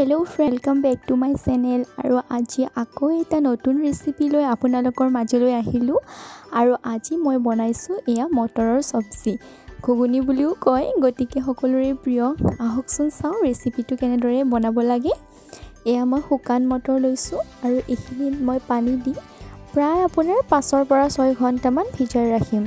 hello' friend welcome back to my channel আৰু আজি আকৌ এটা নতুন ৰেচিপি লৈ আপোনালোকৰ মাজলৈ আহিলোঁ আৰু আজি মই বনাইছোঁ এয়া মটৰৰ চব্জি ঘুগুনি বুলিও কয় গতিকে সকলোৰে প্ৰিয় আহকচোন চাওঁ ৰেচিপিটো কেনেদৰে বনাব লাগে এয়া মই শুকান মটৰ লৈছোঁ আৰু এইখিনিত মই পানী দি প্ৰায় আপোনাৰ পাঁচৰ পৰা ছয় ঘণ্টামান ভিজাই ৰাখিম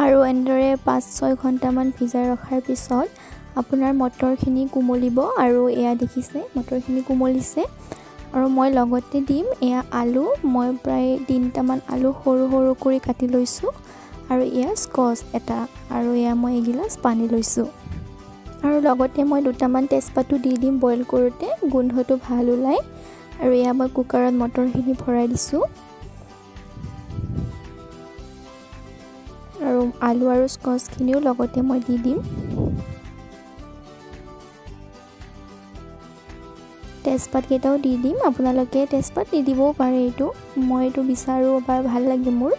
আৰু এনেদৰে পাঁচ ছয় ঘণ্টামান ভিজাই ৰখাৰ পিছত আপোনাৰ মটৰখিনি কোমলিব আৰু এয়া দেখিছে মটৰখিনি কোমলিছে আৰু মই লগতে দিম এয়া আলু মই প্ৰায় তিনিটামান আলু সৰু সৰু কৰি কাটি লৈছোঁ আৰু এয়া স্কচ এটা আৰু এয়া মই এগিলাচ পানী লৈছোঁ আৰু লগতে মই দুটামান তেজপাতো দি দিম বইল কৰোঁতে গোন্ধটো ভাল ওলায় আৰু এয়া মই কুকাৰত মটৰখিনি ভৰাই দিছোঁ আৰু আলু আৰু স্কচখিনিও লগতে মই দি দিম তেজপাতকেইটাও দি দিম আপোনালোকে তেজপাত নিদিবও পাৰে এইটো মই এইটো বিচাৰোঁ এবাৰ ভাল লাগে মোৰ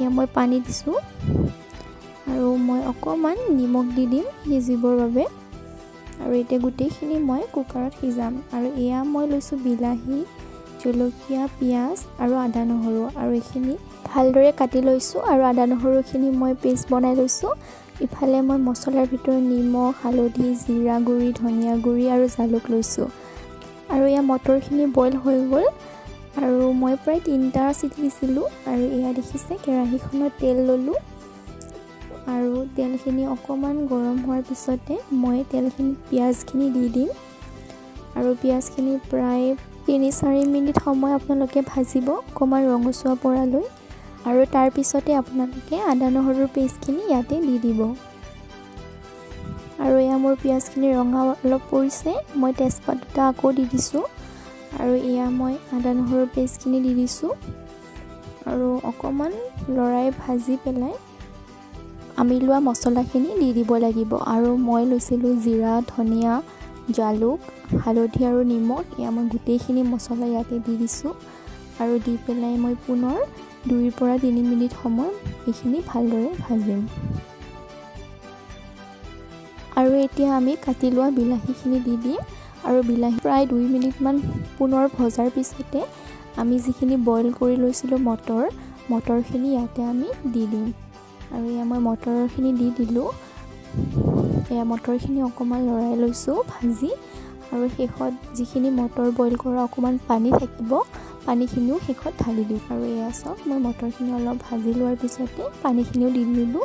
এয়া মই পানী দিছোঁ আৰু মই অকণমান নিমখ দি দিম সিজিবৰ বাবে আৰু এতিয়া গোটেইখিনি মই কুকাৰত সিজাম আৰু এয়া মই লৈছোঁ বিলাহী জলকীয়া পিঁয়াজ আৰু আদা নহৰু আৰু এইখিনি ভালদৰে কাটি লৈছোঁ আৰু আদা নহৰুখিনি মই পেষ্ট বনাই লৈছোঁ ইফালে মই মছলাৰ ভিতৰত নিমখ হালধি জিৰা গুড়ি ধনিয়া গুড়ি আৰু জালুক লৈছোঁ আৰু এয়া মটৰখিনি বইল হৈ গ'ল আৰু মই প্ৰায় তিনিটা চিটি দিছিলোঁ আৰু এয়া দেখিছে কেৰাহীখনত তেল ল'লোঁ আৰু তেলখিনি অকণমান গৰম হোৱাৰ পিছতে মই তেলখিনি পিঁয়াজখিনি দি দিম আৰু পিঁয়াজখিনি প্ৰায় তিনি চাৰি মিনিট সময় আপোনালোকে ভাজিব অকণমান ৰঙচুৱা পৰালৈ আৰু তাৰপিছতে আপোনালোকে আদা নহৰুৰ পেষ্টখিনি ইয়াতে দি দিব আৰু এয়া মোৰ পিঁয়াজখিনি ৰঙা অলপ পৰিছে মই তেজপাত দুটা আকৌ দি দিছোঁ আৰু এয়া মই আদা নহৰুৰ পেষ্টখিনি দি দিছোঁ আৰু অকণমান লৰাই ভাজি পেলাই আমি লোৱা মচলাখিনি দি দিব লাগিব আৰু মই লৈছিলোঁ জিৰা ধনিয়া জালুক হালধি আৰু নিমখ এয়া মই গোটেইখিনি মচলা ইয়াতে দি দিছোঁ আৰু দি পেলাই মই পুনৰ দুইৰ পৰা তিনি মিনিট সময় এইখিনি ভালদৰে ভাজিম আৰু এতিয়া আমি কাটি লোৱা বিলাহীখিনি দি দিম আৰু বিলাহী প্ৰায় দুই মিনিটমান পুনৰ ভজাৰ পিছতে আমি যিখিনি বইল কৰি লৈছিলোঁ মটৰ মটৰখিনি ইয়াতে আমি দি দিম আৰু এয়া মই মটৰখিনি দি দিলোঁ এয়া মটৰখিনি অকণমান লৰাই লৈছোঁ ভাজি আৰু শেষত যিখিনি মটৰ বইল কৰা অকণমান পানী থাকিব পানীখিনিও শেষত ঢালি দিওঁ আৰু এয়া চাওক মই মটৰখিনি অলপ ভাজি লোৱাৰ পিছতে পানীখিনিও দি দিলোঁ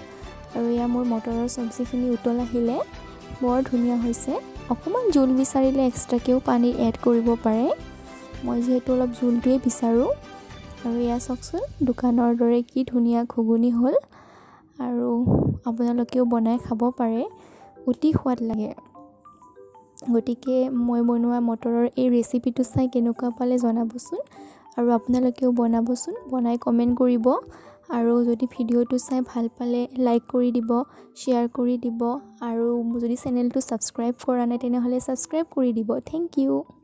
আৰু এয়া মোৰ মটৰৰ চব্জিখিনি উতল আহিলে বৰ ধুনীয়া হৈছে অকণমান জোল বিচাৰিলে এক্সট্ৰাকৈও পানী এড কৰিব পাৰে মই যিহেতু অলপ জোলটোৱেই বিচাৰোঁ আৰু এয়া চাওকচোন দোকানৰ দৰে কি ধুনীয়া ঘুগুনি হ'ল আৰু আপোনালোকেও বনাই খাব পাৰে অতি সোৱাদ লাগে গতিকে মই বনোৱা মটৰৰ এই ৰেচিপিটো চাই কেনেকুৱা পালে জনাবচোন আৰু আপোনালোকেও বনাবচোন বনাই কমেণ্ট কৰিব আৰু যদি ভিডিঅ'টো চাই ভাল পালে লাইক কৰি দিব শ্বেয়াৰ কৰি দিব আৰু যদি চেনেলটো ছাবস্ক্ৰাইব কৰা নাই তেনেহ'লে ছাবস্ক্ৰাইব কৰি দিব থেংক ইউ